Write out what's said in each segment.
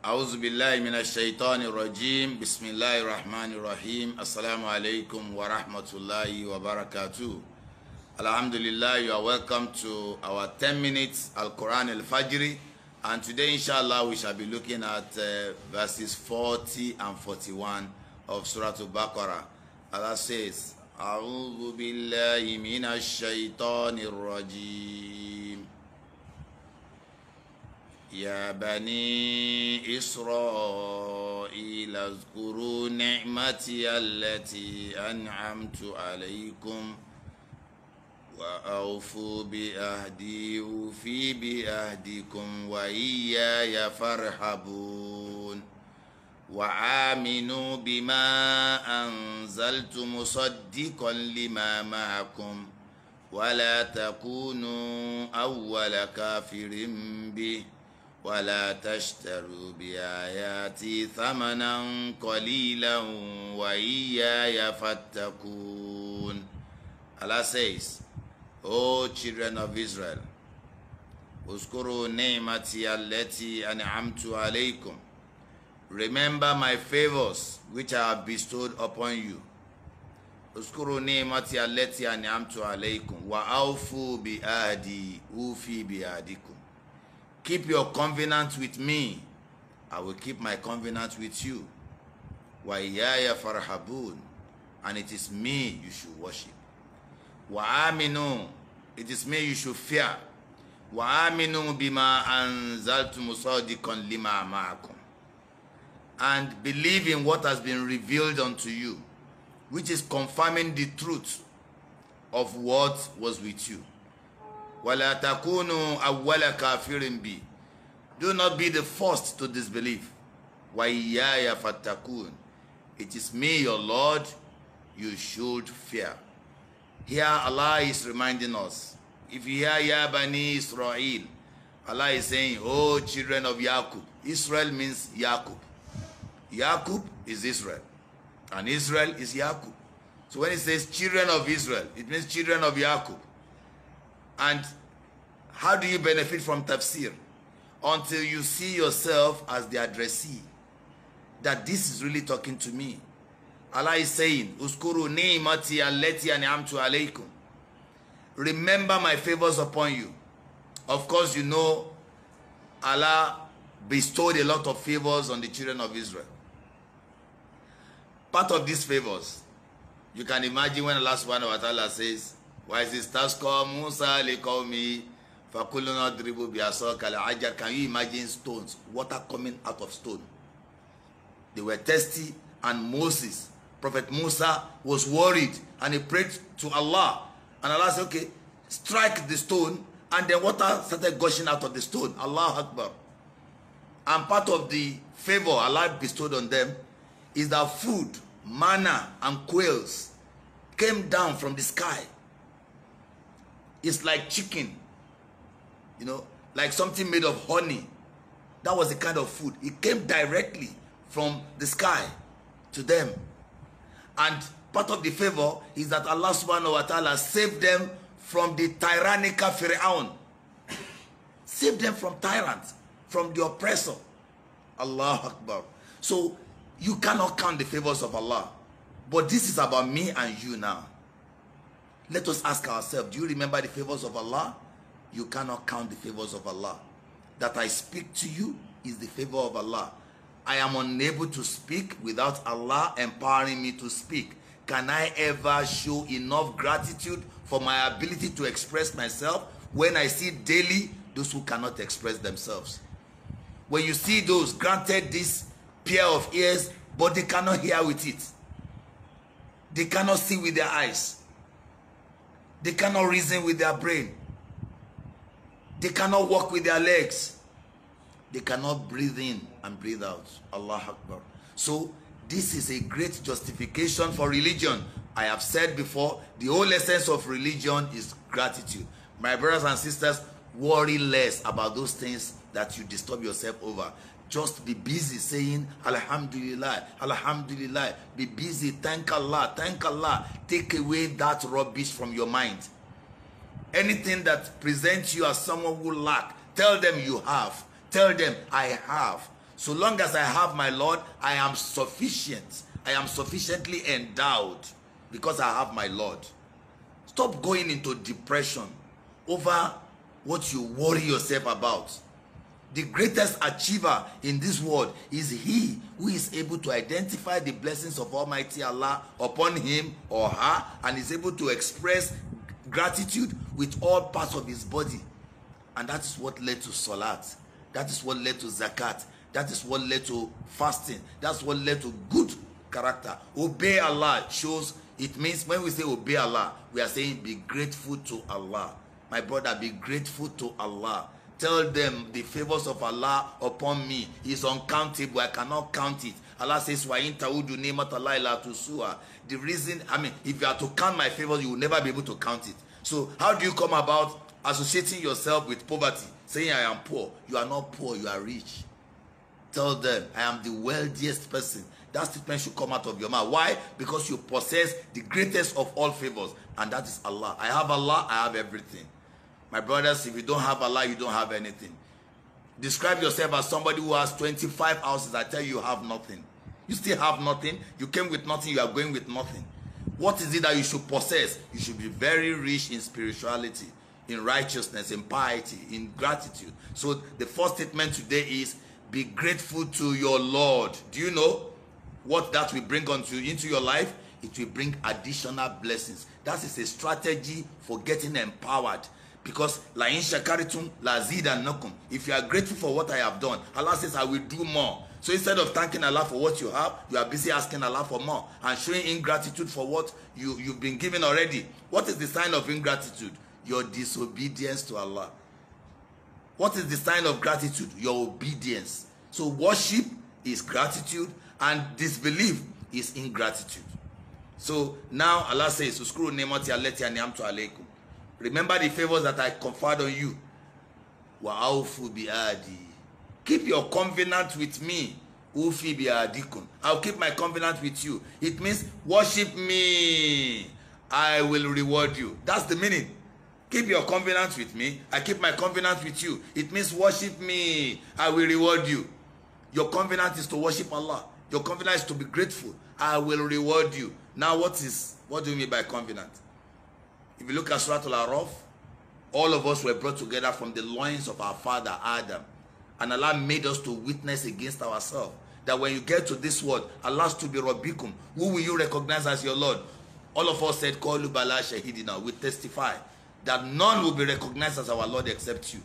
أعوذ بالله من الشيطان الرجيم بسم الله الرحمن الرحيم السلام عليكم ورحمة الله وبركاته الحمد لله you are welcome to our 10 minutes Al-Quran Al-Fajri and today inshallah we shall be looking at uh, verses 40 and 41 of Surah Al-Baqarah Allah says أعوذ بالله من الشيطان الرجيم يا بني إسرائيل اذكروا نعمتي التي أنعمت عليكم وأوفوا بأهدي وفي بأهدكم وإياي فارهبون وآمنوا بما أنزلت مصدقا لما معكم ولا تكونوا أول كافر به ولا تشتروا بآياتي ثمنا قليلا وإياي فاتقون Allah says, O children of Israel, اذكروا نعمتي التي أنعمت عليكم Remember my favors which I have bestowed upon you. اذكروا نعمتي التي أنعمت عليكم وأوفوا بآدي أوفي بآدكم Keep your covenant with me. I will keep my covenant with you. Wa'iyaya farhabun. And it is me you should worship. Wa It is me you should fear. Wa'aminu bima anzaltu musadikon lima ma'akum. And believe in what has been revealed unto you, which is confirming the truth of what was with you. wala takunu awwala kafirin bi do not be the first to disbelieve wa iyaya fatakun it is me your lord you should fear here allah is reminding us if you hear ya bani israel allah is saying oh children of yakub israel means yakub yakub is israel and israel is yakub so when he says children of israel it means children of yakub And how do you benefit from tafsir? Until you see yourself as the addressee. That this is really talking to me. Allah is saying, Uskuru ni'mati allati an'amtu alaykum. Remember my favors upon you. Of course, you know Allah bestowed a lot of favors on the children of Israel. Part of these favors, you can imagine when Allah subhanahu wa ta'ala says, wàásì stasco musa lẹ́kọ̀ọ́mi fakulona diribu biasọ kalẹ̀ ajar can you imagine stones water coming out of stone they were thirsty and moses prophet musa was worried and he prayed to allah and allah said okay strike the stone and then water started gushing out of the stone allah akbar and part of the favor allah bestowed on them is that food manna and quails came down from the sky It's like chicken, you know, like something made of honey. That was the kind of food. It came directly from the sky to them. And part of the favor is that Allah subhanahu wa ta'ala saved them from the tyrannical Pharaoh, saved them from tyrants, from the oppressor. Allah Akbar. So you cannot count the favors of Allah. But this is about me and you now. Let us ask ourselves, do you remember the favors of Allah? You cannot count the favors of Allah. That I speak to you is the favor of Allah. I am unable to speak without Allah empowering me to speak. Can I ever show enough gratitude for my ability to express myself when I see daily those who cannot express themselves? When you see those granted this pair of ears, but they cannot hear with it. They cannot see with their eyes They cannot reason with their brain. They cannot walk with their legs. They cannot breathe in and breathe out. Allah Akbar. So this is a great justification for religion. I have said before, the whole essence of religion is gratitude. My brothers and sisters, worry less about those things that you disturb yourself over. Just be busy saying Alhamdulillah, Alhamdulillah. Be busy, thank Allah, thank Allah. Take away that rubbish from your mind. Anything that presents you as someone who lack, tell them you have. Tell them I have. So long as I have my Lord, I am sufficient. I am sufficiently endowed because I have my Lord. Stop going into depression over what you worry yourself about the greatest achiever in this world is he who is able to identify the blessings of Almighty Allah upon him or her and is able to express gratitude with all parts of his body. And that is what led to Salat. That is what led to Zakat. That is what led to fasting. That's what led to good character. Obey Allah shows, it means when we say obey Allah, we are saying be grateful to Allah. My brother, be grateful to Allah. Tell them the favors of Allah upon me is uncountable. I cannot count it. Allah says, Wa'in ta'udu ni'matallahi la tusua. The reason, I mean, if you are to count my favors, you will never be able to count it. So how do you come about associating yourself with poverty, saying I am poor? You are not poor, you are rich. Tell them, I am the wealthiest person. That statement should come out of your mouth. Why? Because you possess the greatest of all favors, and that is Allah. I have Allah, I have everything. My brothers, if you don't have Allah, you don't have anything. Describe yourself as somebody who has 25 houses. I tell you, you have nothing. You still have nothing. You came with nothing. You are going with nothing. What is it that you should possess? You should be very rich in spirituality, in righteousness, in piety, in gratitude. So the first statement today is be grateful to your Lord. Do you know what that will bring onto into your life? It will bring additional blessings. That is a strategy for getting empowered because la in shakaritum la nokum. if you are grateful for what i have done allah says i will do more so instead of thanking allah for what you have you are busy asking allah for more and showing ingratitude for what you you've been given already what is the sign of ingratitude your disobedience to allah what is the sign of gratitude your obedience so worship is gratitude and disbelief is ingratitude so now allah says uskuru nemati aleti aniamtu aleikum Remember the favors that I conferred on you. Wa'awfu bi'adi. Keep your covenant with me. Ufi bi'adikum. I'll keep my covenant with you. It means worship me. I will reward you. That's the meaning. Keep your covenant with me. I keep my covenant with you. It means worship me. I will reward you. Your covenant is to worship Allah. Your covenant is to be grateful. I will reward you. Now what is what do you mean by covenant? If you look at Surah Al-Araf, all of us were brought together from the loins of our father Adam. And Allah made us to witness against ourselves. That when you get to this world, Allah to be Rabbikum. Who will you recognize as your Lord? All of us said, Call Bala Shahidina. We testify that none will be recognized as our Lord except you.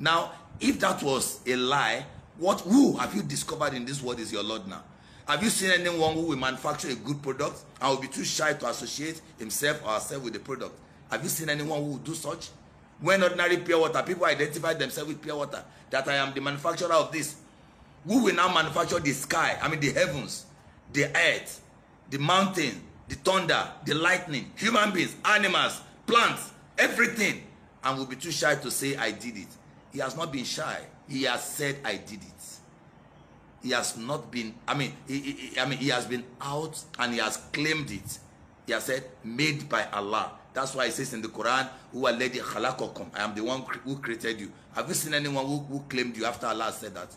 Now, if that was a lie, what who have you discovered in this world is your Lord now? Have you seen anyone who will manufacture a good product and will be too shy to associate himself or herself with the product? Have you seen anyone who will do such? When ordinary pure water, people identify themselves with pure water, that I am the manufacturer of this. Who will now manufacture the sky, I mean the heavens, the earth, the mountain, the thunder, the lightning, human beings, animals, plants, everything, and will be too shy to say, I did it. He has not been shy. He has said, I did it he has not been i mean he, he, i mean he has been out and he has claimed it he has said made by allah that's why he says in the quran who are lady khalaqakum i am the one who created you have you seen anyone who, who claimed you after allah said that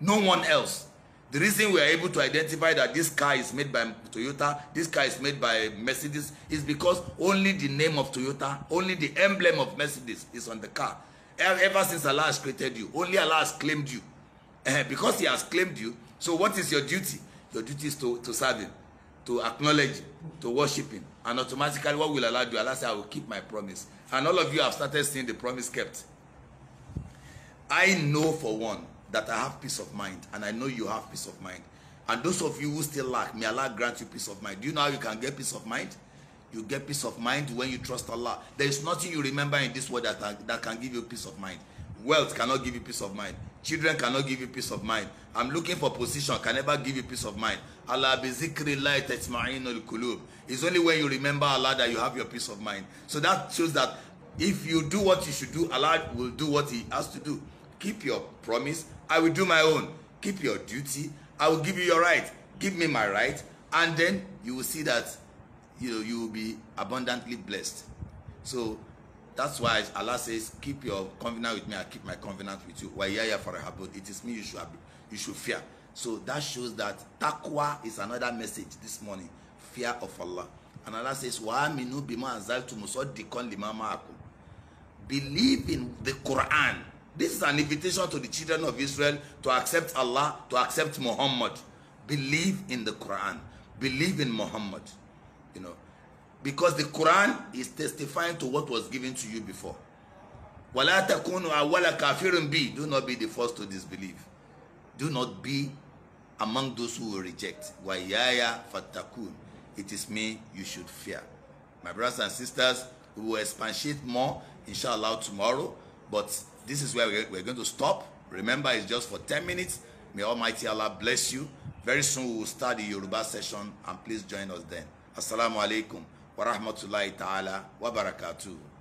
no one else the reason we are able to identify that this car is made by toyota this car is made by mercedes is because only the name of toyota only the emblem of mercedes is on the car ever since allah has created you only allah has claimed you Uh, because he has claimed you, so what is your duty? Your duty is to, to serve him, to acknowledge him, to worship him. And automatically, what will Allah you? Allah says, I will keep my promise. And all of you have started seeing the promise kept. I know for one that I have peace of mind, and I know you have peace of mind. And those of you who still lack, may Allah grant you peace of mind. Do you know how you can get peace of mind? You get peace of mind when you trust Allah. There is nothing you remember in this world that, that can give you peace of mind. Wealth cannot give you peace of mind. Children cannot give you peace of mind. I'm looking for position, can never give you peace of mind. Allah bizikri light tatma'inul kulub. It's only when you remember Allah that you have your peace of mind. So that shows that if you do what you should do, Allah will do what He has to do. Keep your promise. I will do my own. Keep your duty. I will give you your right. Give me my right. And then you will see that you know you will be abundantly blessed. So That's why Allah says, "Keep your covenant with me. I keep my covenant with you." yaya Wa'iyaya habud? It is me you should you should fear. So that shows that taqwa is another message this morning, fear of Allah. And Allah says, "Wa "Wa'aminu bima anzaltu musaddiqan lima ma'akum." Believe in the Quran. This is an invitation to the children of Israel to accept Allah, to accept Muhammad. Believe in the Quran. Believe in Muhammad. You know because the Quran is testifying to what was given to you before wala takunu awala kafirin bi do not be the first to disbelieve do not be among those who will reject wayaya fatakun it is me you should fear my brothers and sisters we will expatiate more inshallah tomorrow but this is where we're going to stop remember it's just for ten minutes may almighty allah bless you very soon we will start the yoruba session and please join us then assalamu alaikum wa rahmatulahi ta'ala wa